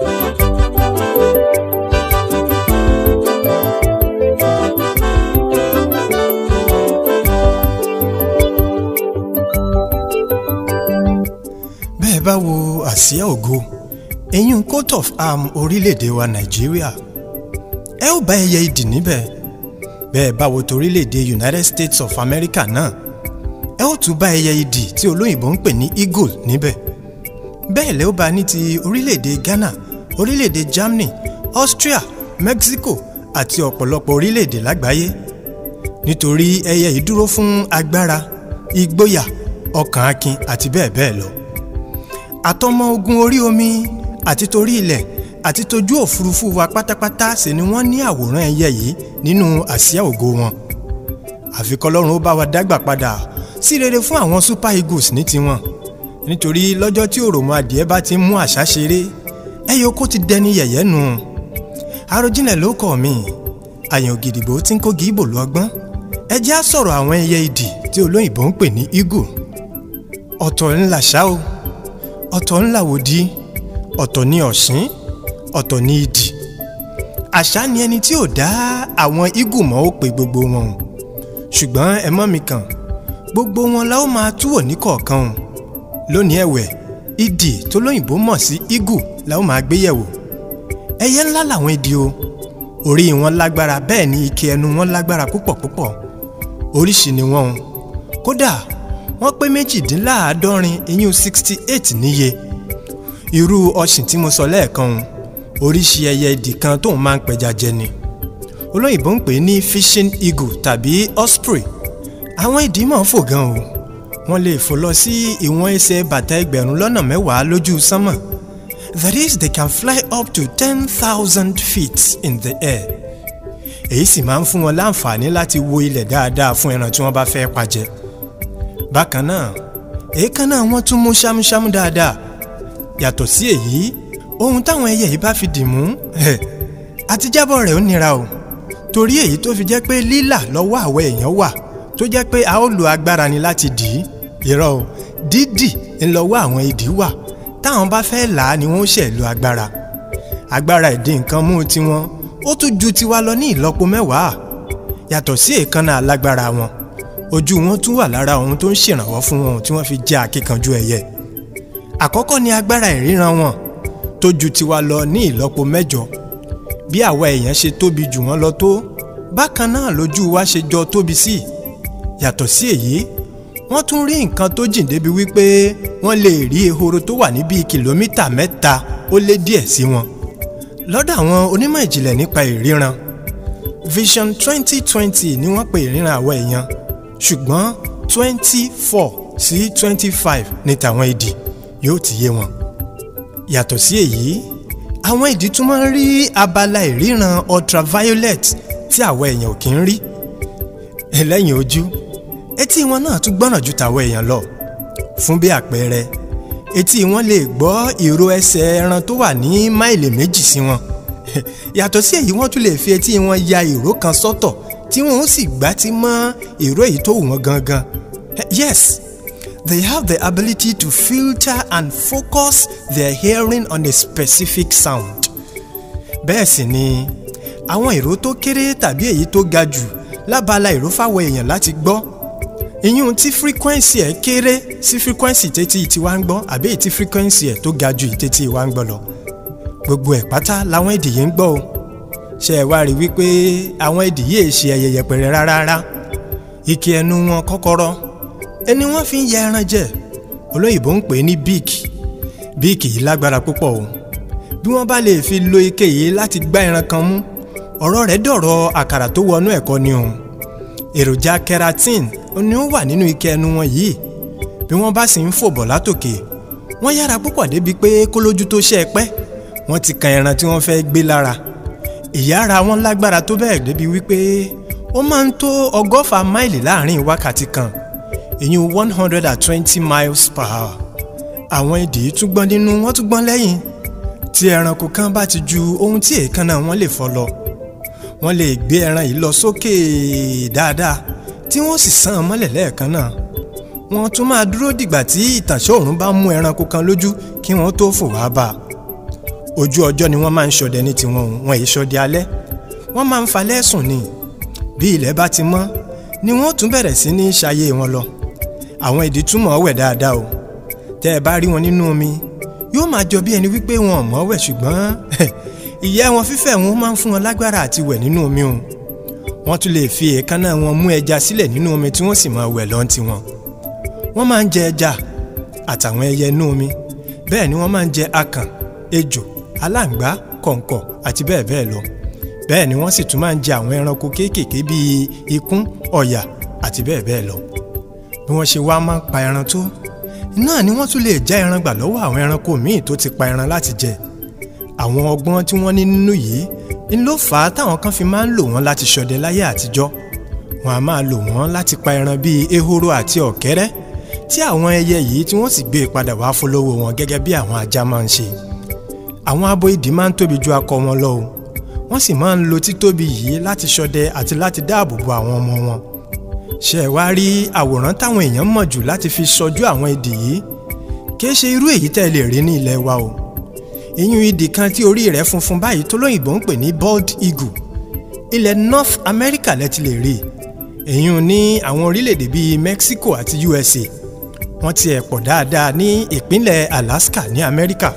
bẹ́ẹ̀ bá wo àsíá ògo eyín coat of arm orílẹ̀-èdè wa nàìjíríà ẹ ó bá ẹyẹ idì níbẹ̀ bẹ́ẹ̀ bá wo torílẹ̀-èdè united states of america náà ẹ ó tún bá ẹyẹ idì tí olóyìnbó ń pè ní eagle níbẹ̀ bẹ́ẹ̀ lẹ́ ó bá ní ti orílẹ̀-èdè ghana orílẹ̀-èdè Germany Austria Mexico àti ọ̀pọ̀lọpọ̀ orílẹ̀-èdè lágbàáyé nítorí ẹyẹ yìí dúró fún agbára ìgboyà ọkàn akin àti bẹ́ẹ̀ bẹ́ẹ̀ lọ àtọmọ ogun orí omi àti torí ilẹ̀ àti tojú òfurufú wa pátápátá sì ni wọ́n ní àwòrán ẹyẹ yìí nínú àsíá ògo wọn àfi kọlọ́run ó bá wa dágbà padà sí rere fún àwọn Super Eagles ní tiwọn nítorí lọ́jọ́ tí òròmọ adìẹ bá ti ń mú àṣà ṣeré ẹyẹ oko ti dẹni yẹ̀yẹ́ nu Àròjinlẹ̀ ló kọ́ mi àyàn ògìdìgbò tí ń kó gíbò lu ọgbọ́n ẹ jẹ́ á sọ̀rọ̀ àwọn ẹyẹ idì tí olóyìnbó ń pè ní eagle ọ̀tọ̀ ńlá ṣá o ọ̀tọ̀ ńlá wòdì ọ̀tọ̀ ní ọ̀sìn ọ̀tọ̀ ní idì àṣà ni ẹni tí ò dá àwọn eagle mọ́ ó pe gbogbo wọn o ṣùgbọ́n ẹ mọ́ mi kàn gbogbo wọn la ó máa túwò ní kọ̀ọ̀kan lónìí ẹ̀wẹ̀ idì tó lóyìnbó mọ̀ sí eagle la ó máa gbéyẹ̀wò ẹyẹ ńlá làwọn idì o orí wọn lágbára bẹ́ẹ̀ ni ike ẹnu wọn lágbára púpọ̀ púpọ̀ oríṣi ni wọ́n kódà wọ́n pé méjìdínláàádọ́rin iyún sixty eight níye irú ọ̀sìn tí mo sọ lẹ́ẹ̀kan oríṣi ẹyẹ idì kan tóun máa ń pẹja jẹ ni olóyìnbó ń pè ní fishing eagle tàbí osprey àwọn idì máa ń fò gan o wọ́n lè fò lọ sí ìwọ̀n ẹsẹ̀ bàtà ẹgbẹ̀rún lọ́nà mẹ́wàá lójú sánmọ̀ that is they can fly up to ten thousand feet in the air èyí sì máa ń fún wọn láǹfààní láti wo ilẹ̀ dáadáa fún ẹran tí wọ́n bá fẹ́ pa bákan náà èékánná wọn tún mú ṣámúṣámú dáadáa yàtọ̀ sí èyí ohun táwọn ẹyẹ yìí bá fi dì mú àti jábọ̀ rẹ̀ ó nira o torí èyí tó fi jẹ́ pé lílà lọ́wọ́ àwọ̀ èèyàn wà tó jẹ́ pé a ó lo agbára ni láti dì í irọ́ dídì ńlọ́wọ́ àwọn idì wà táwọn bá fẹ́ là á ni wọ́n ṣẹ̀ lo agbára agbára ìdí nǹkan mú tiwọn ó tún ju tiwa lọ ní ìlọ́po mẹ́wàá yàtọ̀ sí èékánná alágbára wọn ojú wọn tún wà lára ohun tó ń ṣèrànwọ́ fún wọn tí wọ́n fi jẹ́ akíkanjú ẹyẹ àkọ́kọ́ ni agbára ìríran wọn tó ju tiwa lọ ní ìlọ́po mẹ́jọ bí àwa èèyàn ṣe tóbi jù wọ́n lọ tó bákan náà lójú wa ṣe jọ tóbi sí yàtọ̀ sí èyí wọ́n tún rí nǹkan tó jìn débi wípé wọ́n lè rí ehoro tó wà ní bíi kìlómítà mẹ́ta ó lé díẹ̀ sí wọn. lọ́dọ̀ àwọn onímọ̀ ìjìnlẹ̀ nípa ìríran vision twenty twenty ni wọ́n pe ìríran àwọn èèyàn ṣùgbọ́n twenty four sí twenty five ní tàwọn ìdì yóò ti yé wọn. yàtọ̀ sí èyí àwọn ìdì tún máa ń rí abala ìríran ultraviolet tí àwọn èèyàn ò kí ń rí ẹlẹ́yìn ojú etí wọn náà tún gbọ́ràn ju tàwọn èèyàn lọ fún bí àpẹẹrẹ etí wọn lè gbọ́ ìró ẹsẹ̀ ẹran tó wà ní máìlì méjì sí wọn yàtọ̀ sí èyí wọ́n tún lè fi etí wọn ya ìró kan sọ́tọ̀ tí wọ́n sì gbá tí mọ́ ìró èyí tó wù wọ́n gangan yes they have the ability to filter and focus their hearing on a specific sound bẹ́ẹ̀ sì ni àwọn ìró tó kéré tàbí èyí tó ga jù lábala ìró fáwọn èèyàn láti gbọ́ ìyún tí frequency ẹ̀ kéré sí frequency tètè tiwa ń gbọ́ àbí èyí frequency ẹ̀ tó ga ju ìtètè ìwa ń gbọ́ lọ gbogbo ẹ̀ pátá làwọn èdè yìí ń gbọ́ o ṣe ẹ̀ wá rí wípé àwọn èdè yìí ṣe ẹyẹ yẹpẹrẹ rárá rárá ike ẹnu wọn kọ́kọ́rọ́ ẹni wọ́n fi ń yẹ ẹran jẹ olóyìnbó ń pè é ní beak beak yìí lágbára púpọ̀ o bí wọ́n bá lè fi lo ike yìí láti gbá ẹran kan mú ọ̀rọ̀ rẹ̀ dọ̀rọ̀ àkàrà tó wọnú ẹ̀kọ́ ni o èròjà keratin ni ó wà nínú ike ẹnu wọn yìí bí wọ́n bá sì ń fò bọ̀ látòkè wọ́n yára púpọ̀ débi pé kólójú tó ṣe é pẹ́ wọ́n ti kan ẹran tí wọ́n fẹ́ gbé lára ìyára wọn lágbára tó bẹ́ẹ̀ débi wípé ó máa ń tó ọgọ́fà máìlì láàrin wákàtí kan ìyún one hundred and twenty miles per hour àwọn ìdì tún gbọ́n nínú wọ́n tún gbọ́n lẹ́yìn tí ẹranko kan bá ti ju ohun tí èékánná wọn lè fọ́ lọ wọ́n lè gbé ẹran yìí lọ sókè dáadáa tí wọ́n sì sàn án mọ́lẹ̀ lẹ́ẹ̀kan náà wọ́n tún máa dúró dìgbà tí ìtànṣẹ́ òòrùn bá mú ẹranko kan lójú kí wọ́n tó fò wá bá a ojú ọjọ́ ni wọ́n máa ń ṣọdẹ ní tiwọn wọn èyí ṣọdẹ alẹ́ wọ́n máa ń falẹ́ sùn ni bí ilẹ̀ bá ti mọ́ ni wọ́n tún bẹ̀rẹ̀ sí ní ṣayé wọn lọ àwọn ìdí túmọ̀ wẹ̀ dáadáa o tẹ́ ẹ bá rí wọn nínú omi yóò máa jọ bí ẹni wípé wọn ò mọ̀ wẹ̀ ṣùgbọ́n ìyẹ́ wọn fífẹ̀ wọn máa ń fún wọn lágbára àti wẹ̀ nínú omi o wọ́n tún lè fi èékánná wọn mú ẹja sílẹ̀ nínú omi tí wọ́n sì máa wẹ̀ lọ́n tiwọn. wọ́n máa ń jẹ ẹja àtàwọn ẹyẹ inú omi bẹ́ẹ̀ ni wọ́n máa ń jẹ akàn ejò aláǹgbá kọ̀ǹkọ̀ àti bẹ́ẹ̀ bẹ́ẹ̀ lọ bẹ́ẹ̀ ni wọ́n sì tún máa ń jẹ àwọn ẹranko kéékèèké bíi ikún ọ̀yà àti bẹ́ẹ̀ bẹ́ẹ̀ lọ bí wọ́n ṣe wá máa ń pa ẹran tó náà ni wọ́n tún lè já ẹran gbà lọ́wọ́ àwọn ẹranko míì tó ti pa ẹran láti jẹ àwọn ọgbọ́n tí wọ́n ní nínú yìí ń ló fà á táwọn kan fi máa ń lò wọ́n láti ṣọdẹ láyé àtijọ́ wọn a máa lò wọ́n láti pa ẹran bíi ehoro àti ọ̀kẹ́rẹ́ tí àwọn ẹyẹ yìí tí wọ́n sì gbé e padà wá fọlọ́wọ́ wọn gẹ́gẹ́ bí àwọn ajá máa ń ṣe àwọn abo idì máa ń tóbi ju akọ wọn lọ o wọ́n sì máa ń lo títóbi yìí láti ṣọdẹ àti láti dáàbò bo àwọn ọmọ wọn ṣe wá rí àwòrán táwọn èèyàn mọ̀ jù láti fi ṣojú àwọn idì yìí kì í ṣe irú èyí tẹ́ lè rí ní ilẹ̀ wa o ìyún idì kan tí orí rẹ̀ funfun báyìí tó lóyìnbó ń pè ní bald eagle ilẹ̀ North America lẹ ti lè rí ìyún ní àwọn orílẹ̀-èdè bíi Mexico àti USA wọ́n ti ẹ̀ pọ̀ dáadáa ní ìpínlẹ̀ Alaska ní America.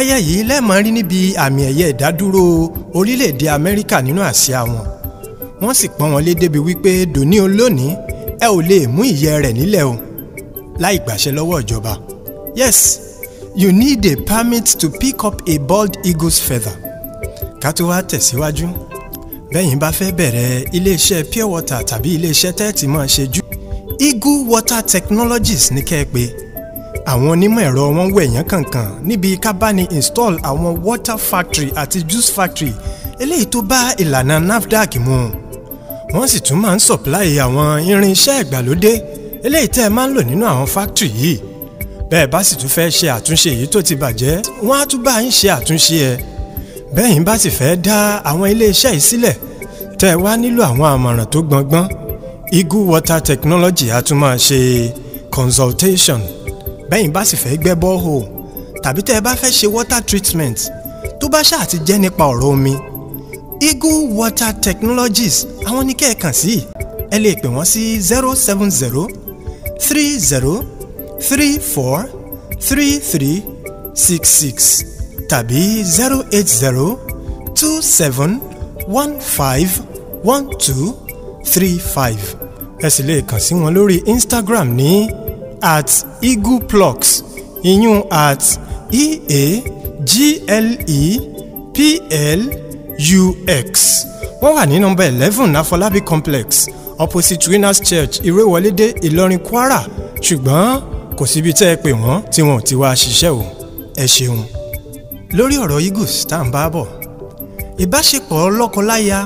ẹyẹ yìí lẹ́ẹ̀mọ́ rí níbi àmì ẹ̀yẹ ìdádúró orílẹ̀-èdè Amẹ́ríkà nínú àsíá wọn wọ́n sì pọ́n wọn lé débi wípé dòní olónìí ẹ ò lè mú ìyẹ́ rẹ̀ nílẹ̀ o láì gbàṣẹ lọ́wọ́ ìjọba yes you need a permit to pick up a bald eagle's feather. ká tó wá tẹ̀síwájú bẹ́yìn bá fẹ́ bẹ̀rẹ̀ iléeṣẹ́ pure water tàbí iléeṣẹ́ tẹ́ẹ̀tì máa ṣe jù. eagle water technologies ní kẹ́ ẹ pé àwọn onímọ̀ ẹ̀rọ wọn wẹ̀yán kankan níbi ká bá ní install àwọn water factory àti juice factory eléyìí tó bá ìlànà NAFDAC mu wọ́n sì tún máa ń supply àwọn irinṣẹ́ ìgbàlódé eléyìí tẹ́ ẹ máa ń lò nínú àwọn factory yìí bẹ́ẹ̀ bá sì tún fẹ́ ṣe àtúnṣe èyí tó ti bàjẹ́ wọ́n á tún bá ń ṣe àtúnṣe ẹ̀ bẹ́yìn bá sì fẹ́ dá àwọn iléeṣẹ́ yìí sílẹ̀ tẹ́ ẹ wá nílò àwọn àmọ̀ràn tó gbọngbọ́n Eagle Water Technology á tún máa ṣe consultation bẹ́yìn bá sì fẹ́ gbẹ́ borehole tàbí tẹ́ ẹ bá fẹ́ ṣe water treatment tó bá ṣáà ti jẹ́ nípa ọ̀rọ̀ omi Eagle Water Technologies àwọn ní kẹ́ ẹ kàn sí ẹ lè pè wọ́n sí zero seven zero three zero three four three three six six tàbí zero eight zero two seven one five one two three five ẹ sì lè kàn sí wọn lórí Instagram ní at eagleplux iyún at e a g l e p l u x wọ́n wà ní nọ́mbà eleven Afolabi complex opposite Winners Church Ìrèwọlédé Ìlọrin Kwara ṣùgbọ́n kò síbi tẹ́ ẹ pè wọ́n tí wọn ò ti wá ṣiṣẹ́ o ẹ ṣeun. lórí ọ̀rọ̀ eagles tá à ń bá bọ̀ ìbáṣepọ̀ lọ́kọ-láya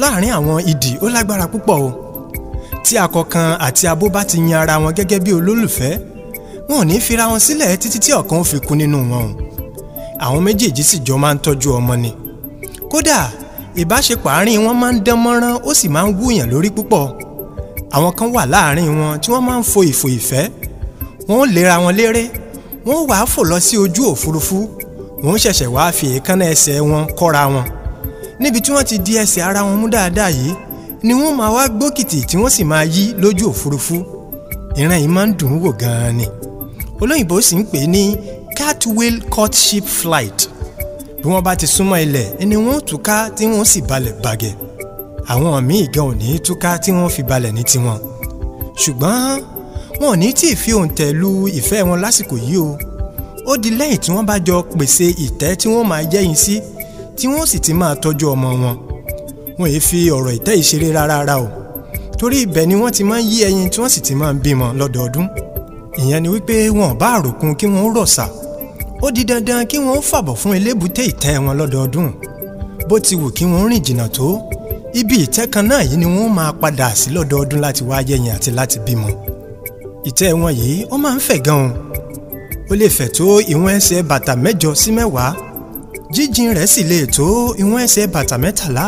láàrin àwọn ìdì ó lágbára púpọ̀ o tí akọkan àti abo bá ti yan ara wọn gẹ́gẹ́ bí olólùfẹ́ wọn ò ní fira wọn sílẹ̀ títí tí ọ̀kan ó fi kú nínú wọn o àwọn méjèèjì sì jọ máa ń tọ́jú ọmọ ni kódà ìbáṣepọ̀ àárín wọn máa ń dán mọ́rán ó sì máa ń wúyàn lórí púpọ̀ àwọn kan wà láàrin wọn tí wọ́n máa ń fo ìfò wọ́n ó lera wọn léré wọ́n ó wàá fò lọ sí ojú òfurufú wọ́n ó ṣẹ̀ṣẹ̀ wáá fi èékánná ẹsẹ̀ wọn kọ́ra wọn níbi tí wọ́n ti di ẹsẹ̀ ara wọn mú dáadáa yìí ni wọ́n máa wá gbókìtì tí wọ́n sì máa yí lójú òfurufú ìran yìí máa ń dùn ún wò gan-an ni olóyìnbó sì ń pè é ní cartwheel courtship flight bí wọ́n bá ti súnmọ́ ilẹ̀ ni wọ́n túká tí wọ́n sì balẹ̀ bàgẹ́ àwọn míì gan ò ní túká tí wọ́n fi balẹ̀ ní tiwọn ṣùgbọ́n wọn ò ní tí ì fi òǹtẹ̀ lu ìfẹ́ wọn lásìkò yìí o ó di lẹ́yìn tí wọ́n bá jọ pèsè ìtẹ́ tí wọ́n máa jẹ́yìn sí tí wọ́n sì ti máa tọ́jú ọmọ wọn wọn èé fi ọ̀rọ̀ ìtẹ́ ìṣeré rárá ra o torí ibẹ̀ ni wọ́n ti máa ń yí ẹyin tí wọ́n sì ti máa ń bímọ lọ́dọọdún ìyẹn ni wípé wọn ò bá àròkun kí wọ́n rọ̀ṣà ó di dandan kí wọ́n fàbọ̀ fún elébùté ìtẹ́ wọn lọ́dọọdún bó ti wù kí wọ́n rìn jìnnà tó ibi ìtẹ́ kan náà yìí ni wọ́n máa padà sí lọ́dọọdún láti wá yẹyin àti láti bímọ ìtẹ́ wọn yìí ó máa ń fẹ̀ gan-an ó lè fẹ̀ tó ìwọ̀n ẹsẹ̀ bàtà mẹ́jọ sí mẹ́wàá jíjìn rẹ̀ sì lè tó ìwọ̀n ẹsẹ̀ bàtà mẹ́tàlá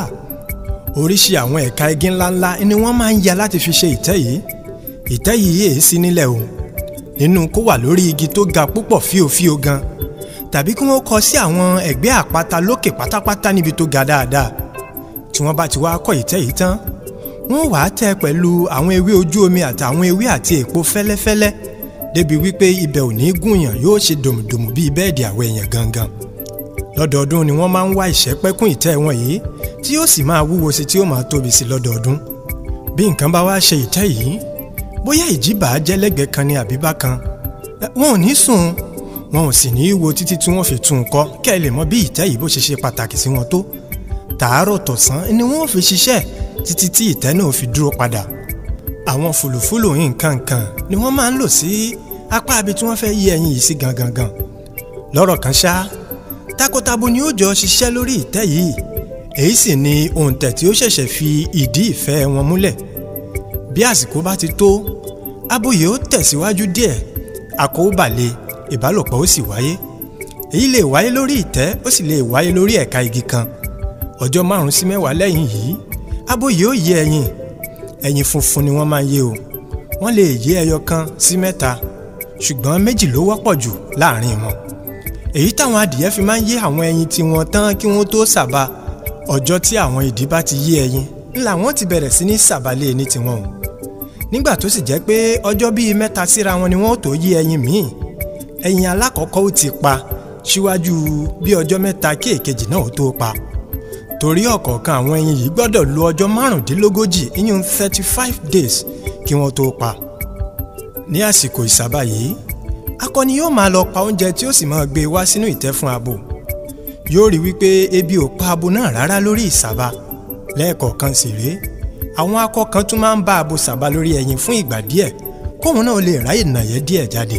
oríṣi àwọn ẹ̀ka igi ńláńlá ni wọ́n máa ń ya láti fi ṣe ìtẹ́ yìí ìtẹ́ yìí èé sí nílẹ̀ o nínú kó wà lórí igi tó ga púpọ̀ fíofío gan tàbí kí wọ́n kọ sí àwọn ẹ̀gbẹ́ àpáta lókè pátápátá níbi tó ga dáadáa tí wọ́n bá ti wá kọ́ ìtẹ́ yìí tán wọ́n wàá tẹ́ pẹ̀lú àwọn ewé ojú omi àtàwọn ewé àti èpo fẹ́lẹ́fẹ́lẹ́ débi wípé ibẹ̀ ò ní gùnyàn yóò ṣe dòmùdòmù bíi bẹ́ẹ̀dì àwọ̀ èèyàn gangan lọ́dọọdún ni wọ́n máa ń wá ìṣẹ́pẹ́kún ìtẹ́ wọn yìí tí yóò sì máa wúwo sí tí yóò máa tóbi sí lọ́dọọdún bí nǹkan bá wá ṣe ìtẹ́ yìí bóyá ìjíbà jẹ́lẹ́gbẹ̀ẹ́ kan ní àbíbá kan wọn ò ní sùn wọn ò sì ní í wo títí tí wọ́n fi tún un kọ́ kẹ́ ẹ lè mọ bí ìtẹ́ yìí bó ṣe ṣe pàtàkì sí wọn tó tàárọ̀ tọ̀sán ni wọ́n fi ṣiṣẹ́ títí tí ìtẹ́ náà fi dúró padà àwọn fòlòfòlò nǹkan kan ni wọ́n máa ń lò sí apá ibi tí wọ́n fẹ́ yí ẹyin yìí sí gangan gan lọ́rọ̀ kan ṣá takọtabo ni ó jọ ṣiṣẹ́ lórí ìtẹ́ yìí èyí sì ni òǹtẹ̀ tí ó ṣẹ̀ṣẹ̀ fi ìdí ìfẹ́ wọn múlẹ̀ bí àsìkò bá ti tó aboyè ó tẹ̀síwájú díẹ̀ àkóbàlẹ̀ ìbálòpọ̀ ó sì wáyé èyí lè wáyé lórí ìtẹ́ ó sì lè wáyé lórí ẹ̀ka igi kan ọjọ́ márùn-ún sí mẹ́wàá lẹ́yìn yìí abo yìí ó yé ẹyin ẹyin funfun ni wọ́n máa ń yé o wọ́n lè yé ẹyọ kan sí mẹ́ta ṣùgbọ́n méjì ló wọ́pọ̀ jù láàrin wọn èyí táwọn adìyẹ fi máa ń yé àwọn ẹyin tí wọ́n tán kí wọ́n tó sàbà ọjọ́ tí àwọn ìdí bá ti yé ẹyin ńlá wọn ti bẹ̀rẹ̀ sí ní sàbálẹ̀ e ní tiwọn o nígbà tó sì jẹ́ pé ọjọ́ bíi mẹ́ta síra wọn ni wọ́n ó tó yé ẹyin míì ẹyin alákọ̀ọ́kọ́ ó ti pa síwájú bí ọjọ́ mẹ́ta kí èkejì náà ó tó pa torí ọ̀kọ̀ọ̀kan àwọn ẹyin yìí gbọ́dọ̀ lo ọjọ́ márùndínlógójì ìyún thirty five days kí wọ́n tó pa. ní àsìkò ìsábà yìí akọni yóò máa lọ pa oúnjẹ tí ó sì máa gbé e wá sínú ìtẹ́ fún abo yóò rí wípé ebi ò pa abo náà rárá lórí ìsábà lẹ́ẹ̀kọ̀ọ̀kan sì rèé àwọn akọ kan tún máa ń bá abo sábà lórí ẹyin fún ìgbà díẹ̀ kóun náà lè ráyè nàyẹ́ díẹ̀ jáde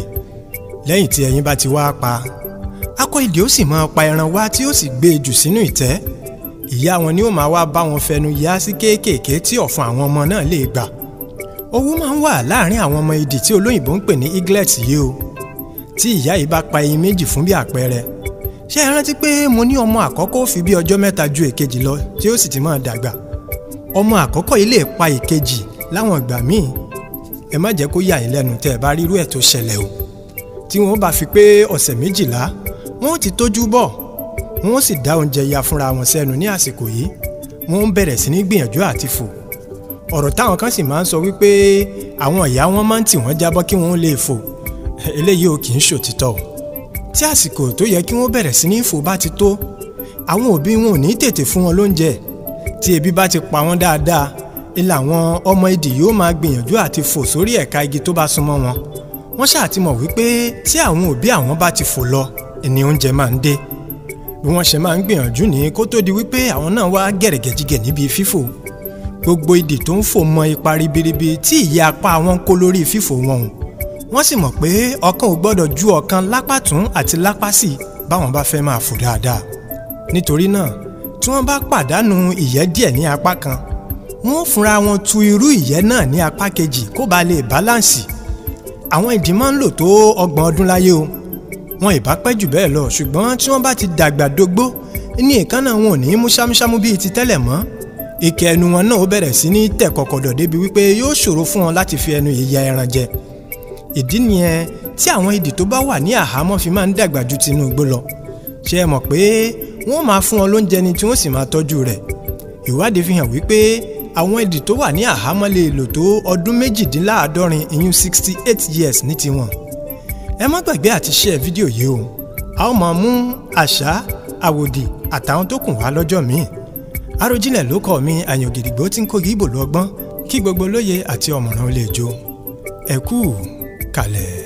lẹ́yìn tí ẹyin bá ti wá pa akọ ìdè ó sì máa pa ẹran wá tí ó sì gbé e jù sínú ìtẹ́ ìyá wọn ni ó máa wá bá wọn fẹnu yá sí kéékèèké tí ọ̀fun àwọn ọmọ náà lè gbà owó máa ń wà láàárín àwọn ọmọ idì tí olóyìnbó ń pè ní eaglet yìí o tí ìyá yìí bá pa ẹyin méjì fún bí àpẹẹrẹ ṣé ẹ rántí pé mo ní ọmọ àkọ́kọ́ ó fi bí ọjọ́ mẹ́ta ju èkejì lọ tí ó sì ti máa dàgbà ọmọ àkọ́kọ́ yìí lè pa èkejì láwọn ìgbà míì ẹ má jẹ́ kó yà yín lẹ́nu tẹ́ ẹ bá rí irú ẹ̀ tó ṣẹlẹ̀ o tí wọ́n bá fi pé ọ̀sẹ̀ méjìlá wọ́n ti tójú bọ̀ wọ́n sì dá oúnjẹ ya fúnra wọn sẹ́nu ní àsìkò yìí wọ́n ń bẹ̀rẹ̀ sí ní gbìyànjú àti fò ọ̀rọ̀ táwọn kan sì máa ń sọ wípé àwọn ìyá wọn máa ń tì wọ́n jábọ́ kí wọ́n lè fò eléyìí ò kì í ṣòtítọ́ tí àsìkò tó yẹ kí wọ́n bẹ̀rẹ̀ sí ní fò bá ti tó àwọn òbí wọn ò ní tètè fún wọn lóúnjẹ tí ebi bá ti pa wọ́n dáadáa ilà àwọn ọmọ idì yóò máa gbìyànjú àti fò sórí ẹ̀ka igi tó bá súnmọ́ wọn wọ́n ṣáà wípé tí àwọn òbí àwọn bá ti fò lọ ni oúnjẹ máa ń dé bí wọ́n ṣe máa ń gbìyànjú ní kó tó di wípé àwọn náà wá gẹ̀rẹ̀gẹ̀jigẹ̀ níbi fífò gbogbo idì tó ń fò mọ ipa ribiribi tí ìyá apá wọn kó lórí fífò wọn o wọ́n sì mọ̀ pé ọ̀kan ò gbọ́dọ̀ ju ọ̀kan lápá àti lápá báwọn bá fẹ́ máa fò dáadáa nítorí náà tí wọ́n bá pàdánù ìyẹ́ díẹ̀ ní apá kan wọ́n fúnra wọn tu irú ìyẹ́ náà ní apá kejì kó ba lè báláǹsì àwọn ìdí máa ń lò tó ọgbọ̀n ọdún láyé o wọn ìbá pẹ́ jù bẹ́ẹ̀ lọ ṣùgbọ́n tí wọ́n bá ti dàgbà dogbó ní èékánná wọn ò ní mú ṣámúṣámú bíi ti tẹ́lẹ̀ mọ́ ike ẹnu wọn náà ó bẹ̀rẹ̀ sí ní tẹ̀ kọ̀kọ̀dọ̀ débi wípé yóò ṣòro fún wọn láti fi ẹnu yíya ẹran jẹ ìdí nìyẹn tí àwọn idì tó bá wà ní àhámọ́ fi máa ń dàgbà ju tinú igbó lọ ṣé ẹ mọ̀ pé wọ́n máa fún wọn lóúnjẹ ni tí wọ́n sì máa tọ́jú rẹ̀ ìwádìí fi hàn wípé àwọn idì tó wà ní àhámọ́ lè lò tó ọdún méjìdínláàádọ́rin ìyún sixty eight years ní tiwọn ẹ má gbàgbé àti share fídíò yìí o a ó máa mú àṣà àwòdì àtàwọn tó kùn wá lọ́jọ́ míì Àròjinlẹ̀ ló kọ́ mi àyàn gidigbo tí ń kó gíbò lọ́gbọ́n kí gbogbo lóye àti ọ̀mọ̀ràn ó lè ẹ kú kalẹ̀.